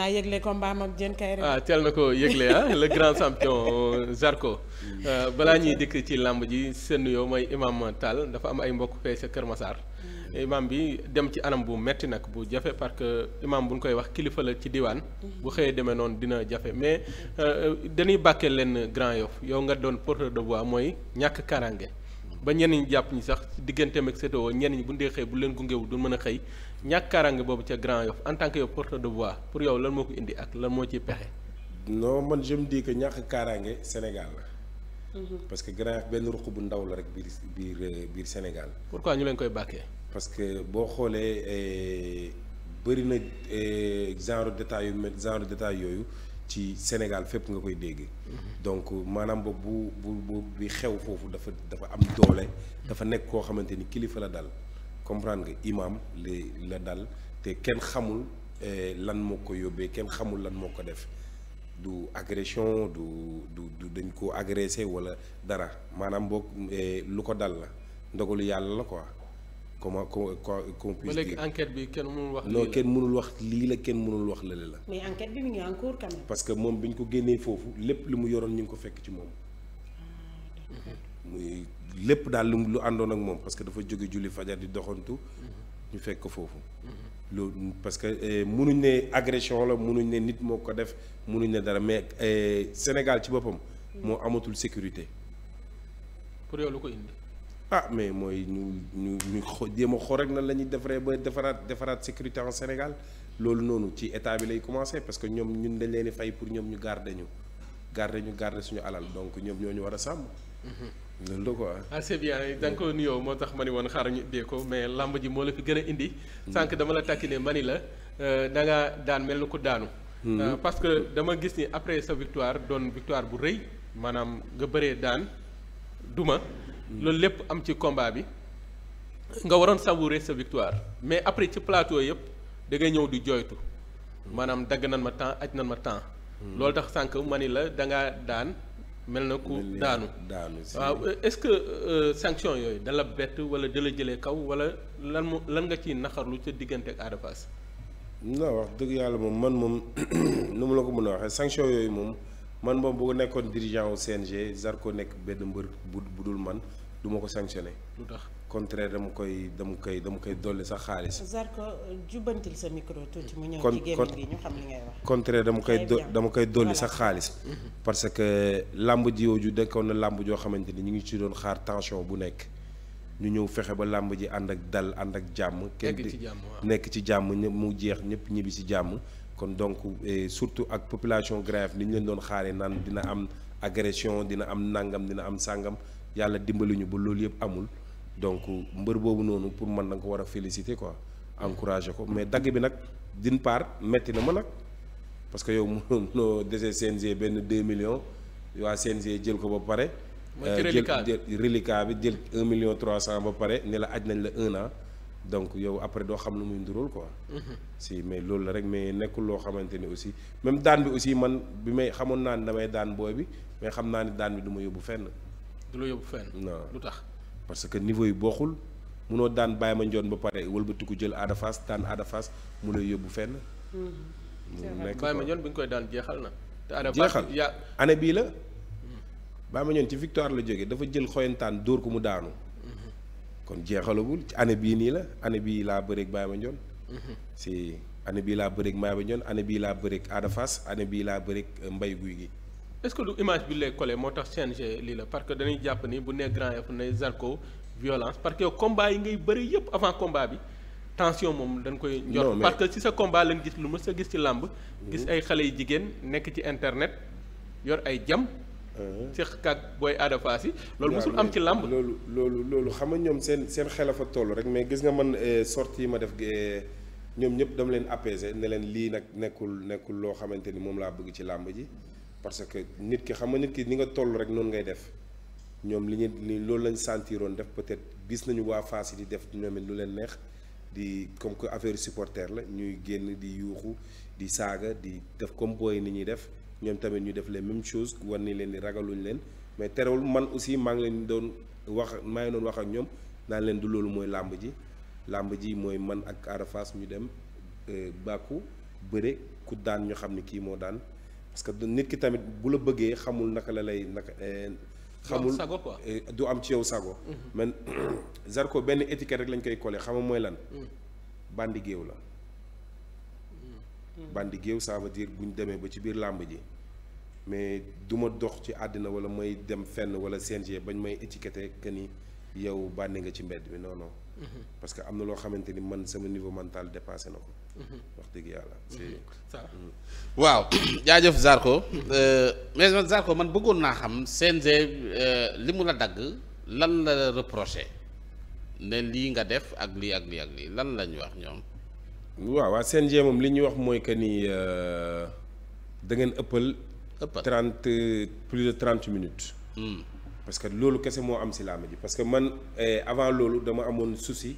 naa yëgle combat mbaam ak Diène Kaïré ah teel na ko yëgle ah le grand champion euh, Zarko euh, balaa ñuy dikk ci làmb ji seen yow mooy imam Tall dafa am ay mbokk fee sa Kër Massar mm. imam bi dem ci anam bu metti nag bu jafe parce que imam bu ñu koy wax kilifa la ci diwaan. Mm. bu xëyee demee noonu dina jafe mais euh, dañuy bàkkee leen Grand Yoff yow nga doon porteur de voix mooy ñàkk karange ba ñenn ñi jàpp ñi sax digganteem ak sétoo ñenn ñi bu ñu dee xëy bu leen gungewul du mën a xëy ñàkk kaaraange boobu ca Grand Yoff en tant que yow porte de voix pour yow lan moo ko indi ak lan moo ciy pexe. non man je me dis que ñàkk kaaraange Sénégal la. Mhm. parce que Grand Yoff benn ruq bu ndaw la rek biir biir biir Sénégal. pourquoi ñu leen koy bàkkee. parce que boo xoolee eh, bëri na eh, genre détail yu mel genre détail yooyu. ci Sénégal fépp nga koy dégg. Mhm. donc maanaam boobu bu bu bu bi xew foofu dafa dafa am doole. Mhm. dafa nekk koo xamante ni kilifa la dal. comprendre nga imam li la dal te kenn xamul eh, lan moo ko yóbbee kenn xamul lan moo ko def du agression du du du dañ ko agressé wala dara maanaam boog eh, lu ko dal la ndogalu yàlla la ko comment comment qu'on puisse dire. léegi enquête bi kenn mënul wax. non kenn mënul wax lii la kenn mënul wax lële la. mais que moom bi ñu ko génnee foofu lépp lu mu yoroon ñu ngi ko fekk ci moom. Ah, muy. lépp daal lu àndoon ak moom parce que dafa jóge julli fajar di doxantu ñu fekk foofu loolu parce que eh, munuñ ne agression la munuñ ne nit moo ko def munuñ ne dara mais eh, Sénégal ci boppam moo amatul sécurité pour lu ko ah mais mooy ñu ñu ñu xo jéem a xoo rek nan la ñuy defaree ba defaraat defaraat sécurité en Sénégal loolu noonu ci état bi lay commencé parce que ñoom ñun dañ leen di fay pour ñoom ñu garder ñu garder ñu garder suñu alal donc ñoom ñoo ñu war a sàmm mm-hmm. loolu la quoi ah c'est da nga ko nuyoo moo tax ma ni woon xaaral ñu dee ko mais làmb ji moo la fi gën a indi. sànq dama la tàkki ne ni la euh, da nga daan mel ni ko daanu. Hmm. Euh, parce que dama gis ni après sa victoire doon victoire bu rëy maanaam nga bëree daan duma. Hmm. loolu lépp am ci combat bi nga waroon savourer sa victoire mais après ci plateau yëpp da ngay ñëw di jooytu hmm. maanaam dagg nan ma temps aj nan ma temps. loolu tax sànq ma ni la da ngaa daan. mel na ku daanu daanu waaw est-ce que euh, sanction yooyu dala bett wala dala jëlee kaw wala lan mu lan nga ciy naxarlu ca diggante ak Ada Fass non wax dëgg yàlla moom man moom nu mu la ko mën a waxee sanction yooyu moom man moom bugg nekkoon dirigeant au CNG Zarko nekk benn mbër bu dul man du ma ko sanctionné. lu tax contraire dama koy dama koy dama koy dolli sax xaalis. Zarko jubbantil sa micro tuuti mu ñëw ci gémmiñ gi ñu xam dama koy dolli sax xaalis. parce que làmb ji yooju dekkoon na làmb joo xamante ni ñu ngi ci doon xaar tension bu nekk. ñu ñëw fexe ba làmb ji ànd ak dal ànd ak jàmm. kenn nekk ci jàmm ñëpp mu jeex ñëpp ñibbi si jàmm. kon donc surtout ak population grave ni ñu leen doon xaaree naan dina am agression dina am nangam dina am sàngam. yàlla dimbali ñu ba loolu yëpp amul donc mbër boobu noonu pour man da nga ko war a féliciter quoi encourager ko mais dagg bi nag d'une part metti na ma nag parce que yow mënoo dese CNG benn 2 millions waa CNG jël ko ba pare. Euh, jël reliquat bi jël 1 million 300 ba pare ne la aj nañ la un an donc yow après doo xam ne muy nduróol quoi. Mhm. si mais loolu la rek mais nekkul loo xamante ni aussi même daan bi aussi man bi may xamoon naa ne damay daan booy bi mais xam naa ne daan bi du ma yóbbu fenn. du la yóbbu fenn. non lu tax. parce que niveau yi bokkul munoo daan baay ma njoon ba pare wëlbati wëlbatiku jël adafas faas daan aada mu lay yóbbu fenn. Mm-hmm. mu nekk bàyyi ma njoon bi nga koy daan jeexal na. te aada jeexal ya bii la. Mm-hmm. bàyyi ma ci victoire la jógee dafa jël xoyantaan dóor ko mu daanu. Mm-hmm. kon jeexalagul ci année bii nii la année bii laa bëreeg bàyyi ma njoon. si année laa bëreeg maa ma njoon bii laa bëreeg aada faas année bii laa bëreeg mbay guy gi. est-ce que du image bi lay collé moo tax CNG lii la parce que dañuy jàpp ni bu nee grand F ne Zarko violence parce que combat yi ngay bëri yëpp avant combat bi tension moom dañ koy. njort parce ci sa combat lañ gis lu ma sa gis ci làmb. Mmh. gis ay xale yu jigéen nekk ci internet yor ay jam. Mmh. seex kàgg booy aada faas loolu mosul am ci làmb. loolu loolu loolu xam nga ñoom seen seen xel a fa toll rek mais gis nga man eh, sortie yi ma def eh, ñoom ñëpp dama leen apaiser ne leen lii nag nekkul nekkul loo xamante ni moom laa bëgg ci làmb ji. parce que nit ki xam nga nit ki ni nga toll rek noonu ngay def ñoom li ñu loolu lañ sentiroon def peut-être gis nañu waa faas yi di def ñoom it lu leen neex di comme que affaire supporter la ñuy génn di yuuxu di saaga di def comme booy ni ñuy def ñoom tamit ñu def les même chose war ni leen di ragaluñ leen mais terewul man aussi maa ngi leen doon wax maa ngi doon wax ak ñoom naan leen du loolu mooy làmb ji làmb ji mooy man ak Ada Fass ñu dem euh, bàkku bëre ku daan ñu xam ni kii moo daan parce que nit ki tamit bu la bëggee xamul naka la lay naka. Eh, xamul sago quoi eh, du am ci yow sago. Mm-hmm. man Zarko benn étiquette rek lañ koy collé xam nga mooy lan. Mm. bandi géew la. Mm. bandi géew ça veut bu ñu demee ba ci biir làmb ji mais du ma dox ci àddina wala may dem fenn wala CNG bañ may étiqueté que ni yow bànni nga ci mbedd bi non non. Mm-hmm. parce que am na loo xamante ni man sama niveau mental dépassé na ko. Mm-hmm. wax dëgg yàlla. Mm-hmm. Mm-hmm. waaw jaajëf Zarko euh, mais man Zarko man bëggoon naa xam CNG euh, li mu la dagg lan la reproché ne lii nga def ak lii ak lii ak lan lañ wax ñoom. waaw waa CNG moom li ñuy wax mooy que ni euh, da ngeen ëppal. ëppal trente plus de trente minutes. Mm. parce que loolu kese moo am si làmb ji parce que man eh, avant loolu dama amoon souci.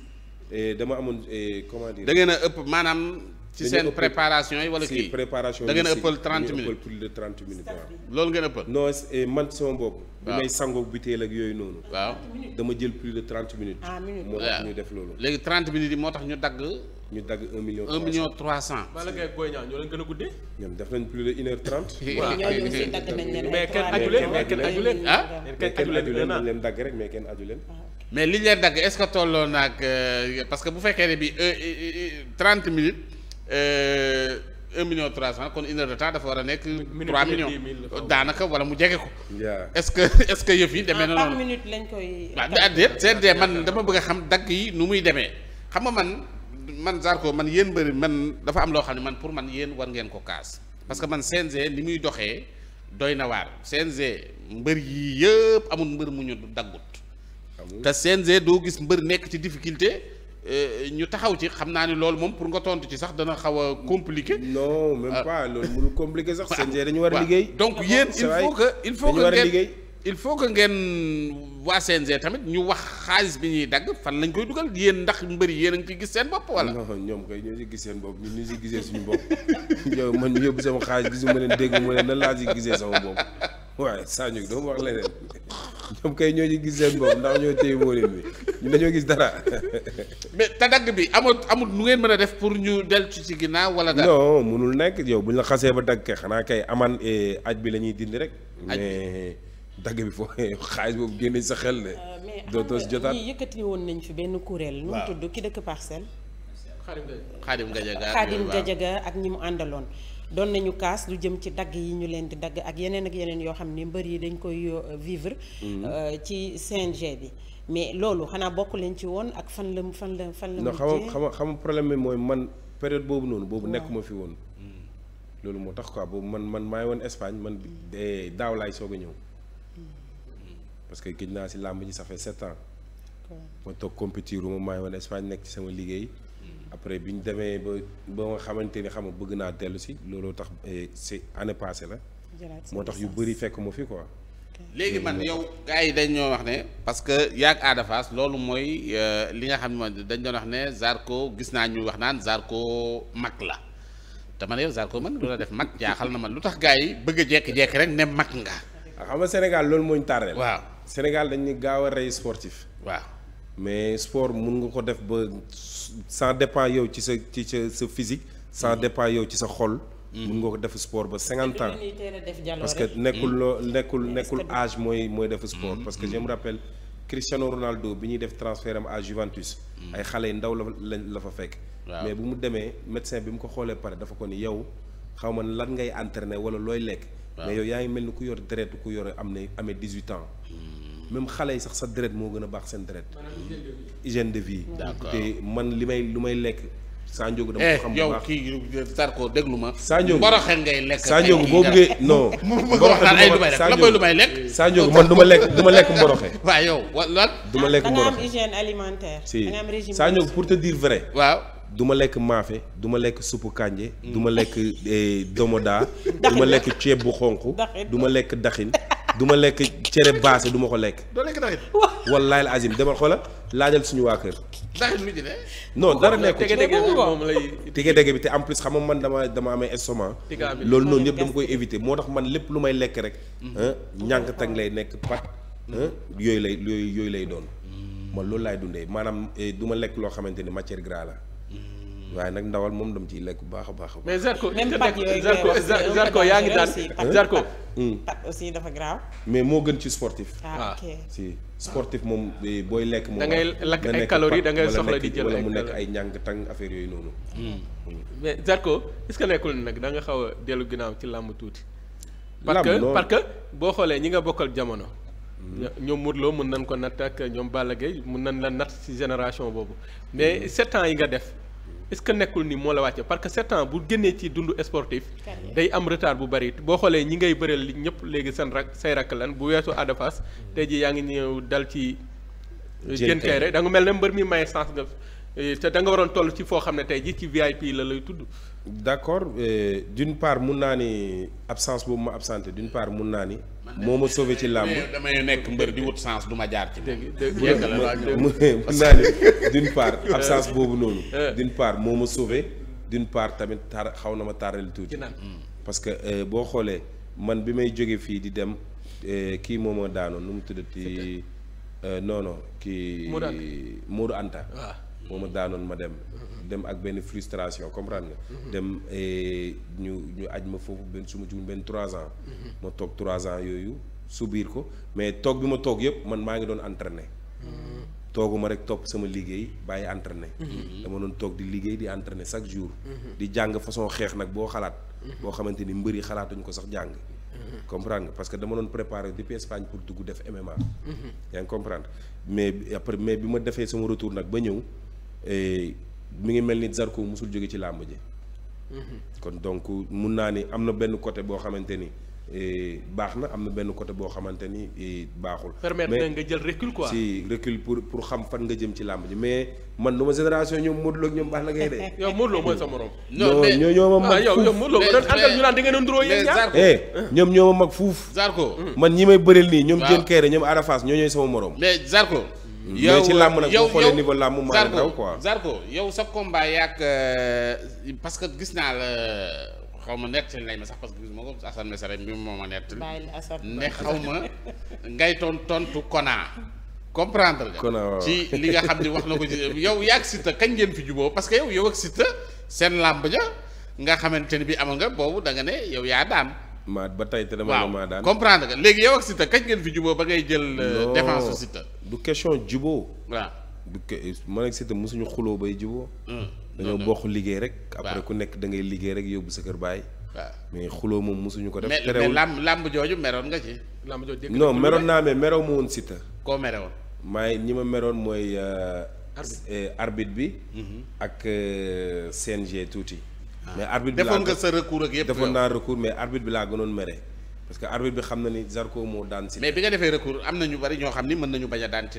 Eh, dama amoon eh, comment dire. da ngeen a ëpp maanaam. ci seen préparation yi wala kii préparation da ngeen a ëppal 30 minutes plus de 30 minutes waaw. loolu ngeen ëppal. non eh, man sama bopp. waaw may sangoo butéel ak yooyu noonu. waaw dama jël plus de 30 minutes. ah minutes moo tax ñu def loolu. léegi 30 minutes yi moo tax ñu dagg. ñu dagg 1 million 300 1 million 300. Balla Gaye ñoo leen gën a guddee. ñoom def nañ plus leen ah? mais kenn aju leen mais kenn aju leen. ah mais kenn aju kenn aju leen. Ah. mais liñ leen dagg est-ce que tolloon naag euh, parce que bu fekkee ne bi euh, euh, trente minutes un million trois cent kon une heure de temps dafa war a nekk. trois millions daanaka wala mu jege ko. est-ce que est-ce que yëf yi demee na noonu. minute lañ koy. waaw man dama bëgg a xam dagg yi nu muy demee xam nga man man Zarko man yéen bëri man dafa am loo xam ne man pour man yéen war ngeen ko kaas parce que man CNG ni muy doxee doy na waar CNG mbër yii yëpp amul mbër mu ñu daggut. te CNG doo gis mbër nekk ci difficulté euh, ñu taxaw ci xam naa ne loolu moom pour nga tontu ci sax dana xaw a compliqué. non même euh, pas loolu mënul compliqué sax. CNG dañu war a liggéey. donc ah yéen il faut que il faut que ngeen il faut que ngeen waa CNG tamit ñu wax xaalis bi ñuy dagg fan lañ koy dugal yéen ndax mbëri yéen a ngi gis seen bopp wala. non ñoom kay ñoo ci gis seen bopp ñun ñu ci gisee suñu bopp yow man yóbbu sama xaalis gisuma leen dégg ma leen nan laa ci gisee sama bopp waaye saa ñu doon wax ñoom kay ñoo ci gis seen bopp ndax ñoo téye wóoree bi ñun dañoo gis dara. mais te dagg bi amul amul nu ngeen mën a def pour ñu dellu ci si ginnaaw wala. dara mënul nekk yow bu ñu la xasee ba dagg kay xanaa kay aman eh, aj bi la ñuy dindi rek. mais dagg bi foofu xaalis boobu génne sa xel ne. Euh, dootoo si jotaat mais yëkkati woon nañ fi benn kuréel. waaw nu mu tudd ki dëkk parcelle. Xaadim Gajaga Xaadim Gajaga ak ñi mu àndaloon. doon nañu kaas lu jëm ci dagg yi ñu leen di dagg ak yeneen ak yeneen yoo xam ni mbër yi dañ koy euh, vivre. Mm-hmm. Euh, ci CNG bi. mais loolu xanaa bokk leen ci woon ak fan la fan la fan la. non xam xam problème bi mooy man période boobu noonu. boobu nekkuma fi woon. Mm. loolu moo tax quoi boobu man man maa ngi woon Espagne man daaw laay soog a ñëw. Mm. parce que gëj naa si làmb ji ça fait sept ans. ma toog compétir mu maay Espagne nekk ci sama liggéey. Mm. après bi ñu demee ba ba xamante ni xam nga bëgg naa dellu si looloo tax eh, c'est année passée la. moo tax yu bëri fekk ma fi quoi. léegi man yow gars yi dañ ñoo wax ne parce que yaag Ada loolu mooy euh, li nga xam ne dañ doon wax ne Zarko gis naa ñu wax naan Zarko mag la te man yow Zarko man lu def mag jaaxal na man lu tax gars yi bëgg a jékki rek ne mag nga. Ah, xam nga Sénégal loolu moo ñu tardé. Sénégal dañu ñu gaaw a rey sportif. waaw mais sport mun nga ko def ba sans dépend yow ci sa ci sa sa physique. sans mm-hmm. dépend yow ci sa xol. Mm-hmm. mun nga ko def sport ba cinquante ans. parce que nekkul loo mm-hmm. nekkul nekkul âge mooy mooy def sport. parce que je me rappelle Cristiano Ronaldo bi ñuy def transfert am à Juventus. ay xale yu ndaw la la la fa fekk. mais bu mu demee médecin bi mu ko xoolee pare dafa ko ni yow xaw ma lan ngay entraîner wala looy lekk. mais yow yaa ngi mel ni ku yor deret ku yor am ne amee dix huit ans hmm. même xale yi sax sa deret moo gën a baax seen deret hygiène de vie te man li may lu may lekk Sa Ndiogou dama eh, xam bu baax yow kii Sarko déglu ma. Sa Ndiogou mboroxe ngay lekk. Sa Ndiogou boo bëggee non. mboroxe du la lu may lekk. Sa Ndiogou man du ma lekk du lekk mboroxe. waaw yow lan. du ma lekk mboroxe da nga am hygiène alimentaire. si da nga pour te dire vrai. du ma lekk maafe duma lekk suppu kànje du ma lekk eh, domoda du ma lekk ceeb bu xonq du ma lekk daxin du ma lekk cere baase du ma ko lekk doo lekk daxin wallaay la azim demal xoola laajal suñu waa kër daxin lu ci ne non dara nekku tege dege bi te en plus xam man dama dama amee estomac loolu noonu yëpp dama koy invité moo tax man lépp lu may lekk rek ñànk tang lay nekk pat yooyu lay yooyu yooyu lay doon mm. man loolu laay dundee maanaam eh, duma lekk loo xamante ni matière gras la waaye nag ndawal moom dam ciy lekk bu baax a baax. mais Zarko même pat yooyu Zarko yaa ngi daan Zarko. pat hmm. aussi dafa mais moo gën ci sportif. ah, ah. si ah. sportif moom eh, booy lekk. moom da ngay lakk ay calories da ngay soxla di jël mu nekk ay ñàng tàng affaire yooyu noonu. Hmm. Hmm. mais Zarko est-ce que nekkul nag da xaw a dellu ginnaaw ci làmb tuuti. parce que parce que boo xoolee ñi nga bokkal jamono. ñoom Modou Lo mën nañ ko natt ak ñoom Balla mun nañ la natt ci génération boobu mais sept ans yi nga def. est ce que nekkul ni moo la wàcce parce que sept ans bu génnee ci dund sportif day am retard bu bari boo xoolee ñi ngay bëreel li ñëpp léegi seen rak say rakk lan bu weesu Ada Fass mm. tey ji yaa ngi ñëw dal ci Diène Kairé da nga mel ne mbër mi may sens nga eh, te da nga waroon toll ci foo xam ne tey ji ci VIP la lay tudd d' accord eh, d'une part mun naa ni absence boobu ma absenté d'une part mun naa ni moo ma sauvé ci làmb damay nekk mbër di wut sens du ma jaar ci moom mun naa ne d'une part absence boobu noonu eh. d'une part moo ma sauvé d'une part tamit tar xaw na ma taaral tuuti hmm. parce que euh, boo xoolee man bi may jóge fii di dem euh, kii moo ma daanoon nu mu tuddati euh, non noono kii Modou Anta ah. moo ma daanoon ma dem dem ak benn frustration comprendre nga mhm. dem eh, ñu ñu aj ma foofu benn su ma jugul benn trois ans mhm. ma toog trois ans yooyu biir ko mais toog bi ma toog yëpp man maa ngi doon entraîner mhm. tooguma rek topp sama liggéey bàyyi entraîner dama doon toog di liggéey di entraîner chaque jour di jàng façon xeex nag boo xalaat boo xamante ni mbëri xalaatuñ ko sax jàng comprendre nga parce que dama doon préparer depuis Espagne pour dugg def MMA yaa ngi comprendre mais après mais bi ma defee sama retour nag ba ñëw Eh, mi ngi mel ni Zarko mosul jóge ci làmb ji. Mhm. kon donc mun naa ni am na benn côté boo xamante ni eh, baax na am na benn côté boo xamante ni eh, baaxul. permettre na nga jël recul quoi si recul pour pour xam fan nga jëm ci làmb ji mais man duma génération ñoom Modou Lo ak ñoom Balla Gaye de. yow Modou Lo mooy sa morom. non ñoo ñoo ma mag. Ah, doon àndal ñu naan da ñoom ñoo ma mag fuuf. Zarko hmm. man ñi may bëreel nii. ñoom Diène Kairé ñoom Ada Fass ñoo ñooy sama morom. mais Zarko. yow ci euh, làmb nag boo xoolee niveau làmb maa ngi yow sa combat yaak euh, parce que gis naa la xaw ma nettali lañ ma sax parce que gis ma ko Assane Mesare bi moo ma nettali ne xaw ngay toon tontu Kona comprendre nga ci li nga xam ni wax na ko ci yow yaak Siteu kañ ngeen fi juboo parce que yow yow ak Siteu seen làmb ja nga xamante ni bi amoon nga boobu da nga ne yow yaa daan maa ba tey te dama maa daan comprendre nga léegi yow ak Siteu kañ ngeen fi juboo ba ngay jël. Euh, défense su du question juboo. waaw du man ak Siteu mosuñu xuloo bay juboo. Hmm. dañoo bokk liggéey rek. après ku nekk da ngay liggéey rek yóbbu sa kër bàyyi. waaw mais xuloo moom mosuñu ko def. terewul mais làmb làmb jooju meroon nga ci. làmb jooju meroon naa mais meroo ma woon Siteu. koo meroon. maay ñi ma meroon mooy. Euh, euh, arbitre bi. Mhm. ak CNG tuuti. Ah. mais arbitre bi defoon nga sa recours ak bi laa gënoon mere parce que arbitre bi xam na ni Zarko moo daan si. mais bi nga defee recours am na ñu bari ñoo a daan ci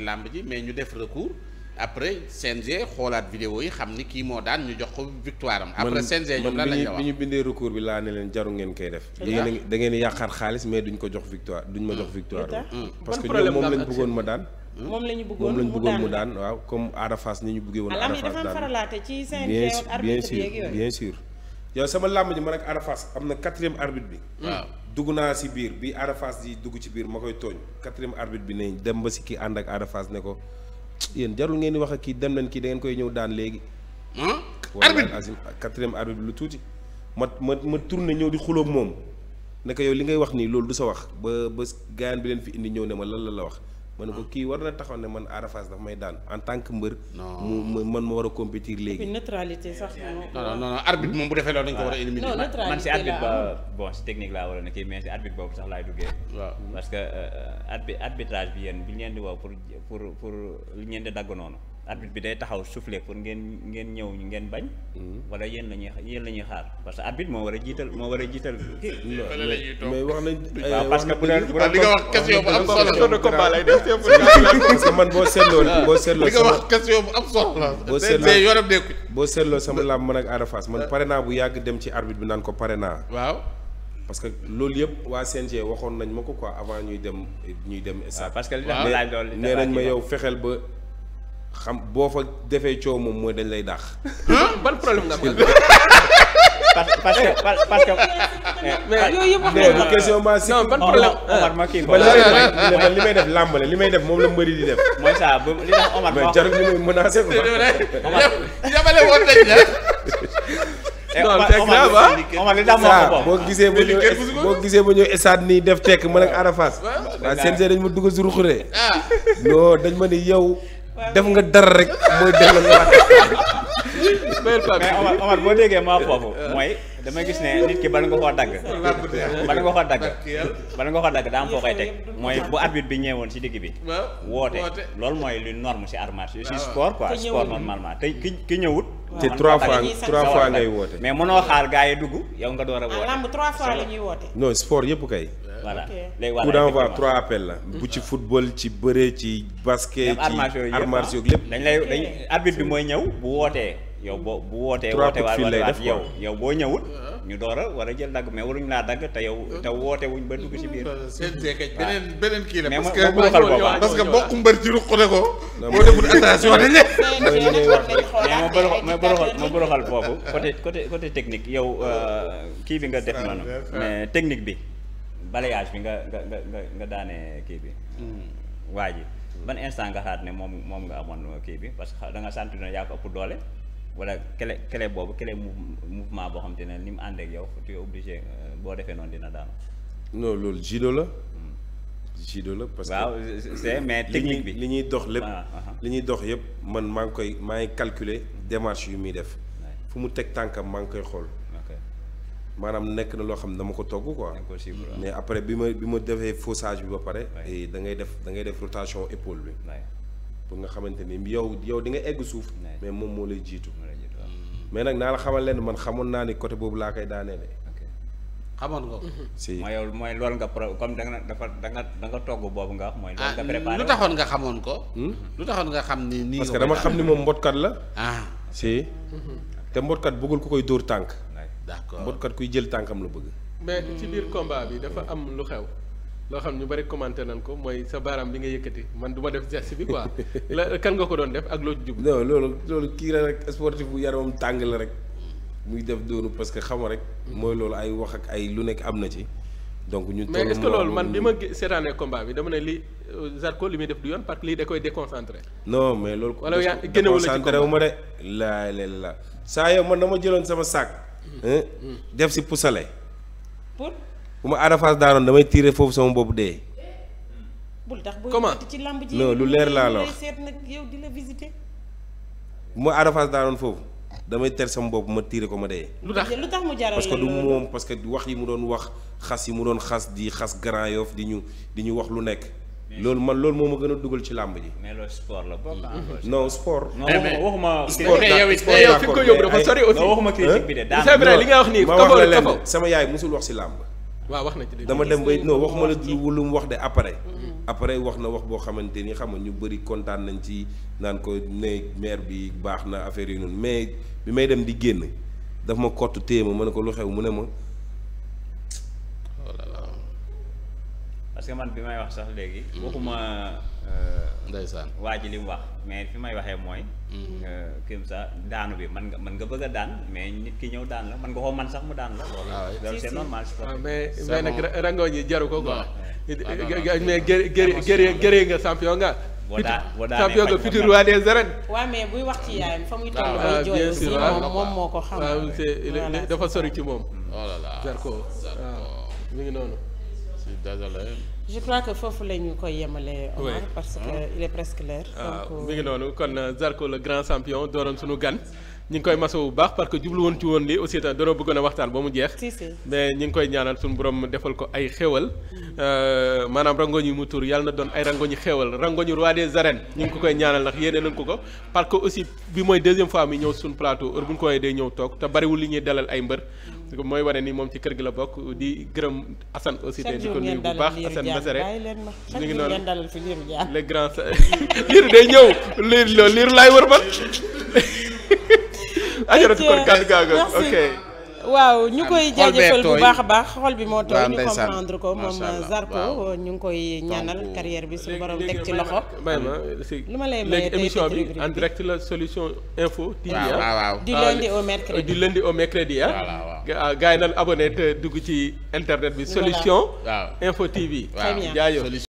ñu def recours après CNG xoolaat vidéo yi xam ni kii moo daan ñu jox ko victoire am. après ñu wax bi ñu bindee recours bi laa ne leen jaru ngeen koy def. da ngeen da ngeen yàqaar xaalis mais duñ ko jox victoire duñ ma jox hmm. victoire. Hmm. parce que ñoom hmm. moom lañ bëggoon ma daan. moom la ñu bëggoon mu daan moom la waaw comme Ada ni ñu bëggee woon. Ada Fass daan bien bien bien sûr yow sama làmb ji man ak Arafas am na quatrième arbitre bi. Hmm. waaw dugg naa si biir bi Arafas di dugg ci biir ma koy tooñ quatrième arbitre bi nañ dem ba si kii ànd ak Arafas ne ko yéen jarul ngeen di wax ak kii dem leen kii da ngeen koy ñëw daan léegi. Hmm? arbitre asim quatrième arbitre bi lu tuuti. ma ma ma tourné ñëw di xuloo moom ne yow li ngay wax nii loolu du sa wax ba ba gaayan bi leen fi indi ñëw ne ma lan la la wax. ma ne ko ah. kii war na taxaw ne man Ada Fass may daan en tant que mbër. mu man ma war a compétir léegi. neutralité sax non non arbitre moom bu defee loolu dañ ko war a ah. éliminer. man si arbitre ba bon si technique laa war a ne kii mais si arbitre boobu sax laay duggee. waaw parce que euh, euh, arbitrage bi yéen bi ñu leen di woo pour pour pour li ñu leen di dagg noonu. arbitre bi day taxaw souffler pour ngeen ngeen ñëw ñu ngeen bañ. Hmm. wala yéen la ñuy yéen la ñuy xaar parce que moo war a jiital moo war a jiital. mais wax a waaw parce que bu doon bu doon li wax question bu man boo seetloo ah. boo seetloo. li nga wax question bu am solo boo seetloo mais yoram boo seetloo sama làmb man ak Ada Fass man euh. pare naa bu yàgg dem ci arbitre bi naan ko pare naa. waaw. parce que loolu yëpp waa CNG waxoon nañ ma ko quoi avant ñuy dem ñuy dem. Ah, stade parce que li tax ma nee nañ ma yow fexeel ba. xam boo fa defee coow moom mooy dañ lay dàq. Hmm? ban problème nga am. parce ban problème Omar ma li may def làmb la li may def moom la mbëri di def. mooy ça ba li tax Omar. Eh, li tax moo ko bokk. boo gisee ba ñëw boo gisee ba ñëw stade nii def tekk man ak ah. Arafas. waaw seen dañ ma dugg si ruxure. Ah. non dañ ma ni yow. def nga dara rek mooy delloo nga waat. mais Omar Omar boo déggee maa foofu mooy. dama gis ne nit ki bala ko koo dagg bala nga dagg bala nga koo dagg daa am foo koy teg mooy bu arbitre bi ñëwoon si digg bi woote loolu mooy lu norme si armar si sport quoi sport normalement te ki ki ñëwut te trois fois trois fois ngay woote mais mënoo xaar gars yi dugg yow nga door a ah, woote lamb trois fois la ñuy woote non sport yëpp kay voilà léegi coup trois appels la bu ci football ci bëre ci basket ci arts martiaux ah. yëpp dañ lay dañ arbitre bi mooy ñëw bu wootee yow boo bu wootee woote waat waat yow yow boo ñëwul uh-huh. ñu door a war a jël dagg mais waruñu laa dagg te yow te woote wuñ ba dugg ci biir beneen beneen kii la parce que parce que bokku mbër ci ruq ne mais ma boroxal ma boroxal foofu côté côté côté technique yow euh, kii bi nga def noonu mais technique bi balayage bi nga nga nga nga daane kii bi hmm. waa ji ban instant nga xaat ne moom moom nga amoon kii bi parce que da nga sant ne yaa doole wala kele kele boobu kele mouvement boo xam te ne ni mu ànd yow tu es obligé euh, boo defee noonu dina daanu. non loolu judo la. Hmm. judo la parce que. waaw c'est mais technique bi li ñuy dox lépp. Ah, ah, ah. li ñuy dox yëpp man maa ngi koy maa ngi calculer démarche yu muy def. fu mu teg tànkam maa ngi koy xool. maanaam nekk na loo xam ne dama ko togg ko mais après bi ma bi ma defee faussage bi ba pare. da ngay def da ngay def rotation épaule bi. pour nga xamante ni yow yow di nga egg suuf mais moom moo lay jiitu mais nag naa la xamal leen man xamoon naa ni côté boobu laa koy daaneele xamoon nga ko. Mm-hmm. si mooy mooy loolu nga pro comme da nga dafa da nga boobu nga wax mooy. loolu nga ah, préparé lu taxoon nga xamoon ko. Hmm? lu taxoon nga xam ni nii. parce que dama xam ni moom mbotkat la. ah si. Mm-hmm. te mbotkat bëggul ku koy dóor tànk. d'accord mbotkat kuy jël tànkam la bëgg. mais ci biir combat bi dafa am lu xew. loo xam ne ñu bari commenté nañ ko mooy sa baaraam bi nga yëkkati man du ma def geste bi quoi la kan nga ko doon def ak loo jub. non loolu loolu kii la rek sportif bu yaramam tàng la rek muy def doonu parce que xama rek. mooy loolu ay wax ak ay lu nekk am na ci. donc ñun mais est-ce que loolu man bi ma seetaanee combat bi dama ne li euh, Zarko li muy def du yoon parce que lii da koy déconcentré. no mais loolu. wala yaa génnewu la ci concentré wu ma de. laa la saa yow man dama jëloon sama sac. Mm. def si pusale. bu ma Ada Fass daanoon damay tiire foofu sama bopp dee. bul tax ci lamb ji lu leer laa la wax seet di la visiter. bu ma Ada Fass daanoon foofu damay ter sama bopp ma tiire ko ma dee. lu tax lu tax mu jaral parce que du moom parce que wax yi mu doon wax xas yi mu doon xas di xas Grand Yoff di ñu di ñu wax lu nekk. loolu ma loolu moo ma gën a dugal ci làmb ji. mais sport la bokk. Mm-hmm. non sport. waxuma sport yow fi eh? Eh? wax nii. ma wax la sama yaay musul wax si làmb. waaw wax na ci dama dem bay non waxuma la lu mu wax de après. Mm-hmm. après wax na wax boo xamante ni xam nga ñu bëri kontaan nañ ci naan ko ne maire bi baax na affaire yi noonu mais bi may dem di génn daf ma kott téye ma ma ne ko lu xew mu ne ma. parce que man bi may wax sax léegi. Mm. waxuma. Euh, ndeysaan waa ji li mu wax mais fi may waxee mooy. comme euh, ça daanu bi man nga mën nga bëgg a daan mais nit ki ñëw daan la man nga koo man sax mu daan la. Ah loolu c'est normal. Ah, mais mais nag rangoo ñi jaru ko quoi. Ah, mais gë gë gëree nga champion nga. boo daa boo daa champion nga futur roi des arènes. waaw mais buy wax ci yaayam fa muy toll. waaw bien sûr moom moo ko xam. dafa sori ci moom. oh là là Zarko mi ngi noonu. désolé je crois que foofu la ñu koy yemale. Omar parce que il est presque l'heure ah, donc mi ngi noonu kon Zarko le grand champion dooroon suñu gan. ñu ngi koy masawu bu baax parce que jublu woon ci woon lii aussi itam bëggoon a waxtaan ba mu jeex. mais ñu ngi koy ñaanal suñu borom defal ko ay xéwal. Euh, maanaam rangoñ yi mu tur yàlla na doon ay rangoñ yu xéwal rangoñ yu roi des arènes ñu ngi ko koy ñaanal ndax yéene nañ ko ko parce que aussi bi mooy deuxième fois mi ñëw suñu plateau heure bu ñu ko waxee day ñëw toog te bariwul li ñuy dalal ay mbër. mooy wane ni moom ci kër gi la bokk di gërëm Assane aussi te bu baax Assane Mesere ñu ngi noonu le grand liiru day ñëw liir ajaratu ah, kon kàddu gaagu ok waaw ñu koy jaajëfal bu baax a baax xol bi moo tooy ñu comprendre ko moom Zarko ñu ngi koy ñaanal carrière bi suñu borom teg ci loxo. lu ma lay maye tey émission bi en direct la solution info. TV ah. du ah, lundi au mercredi du lundi au mercredi ah. naan abonné te dugg ci internet bi. solution info TV. waaw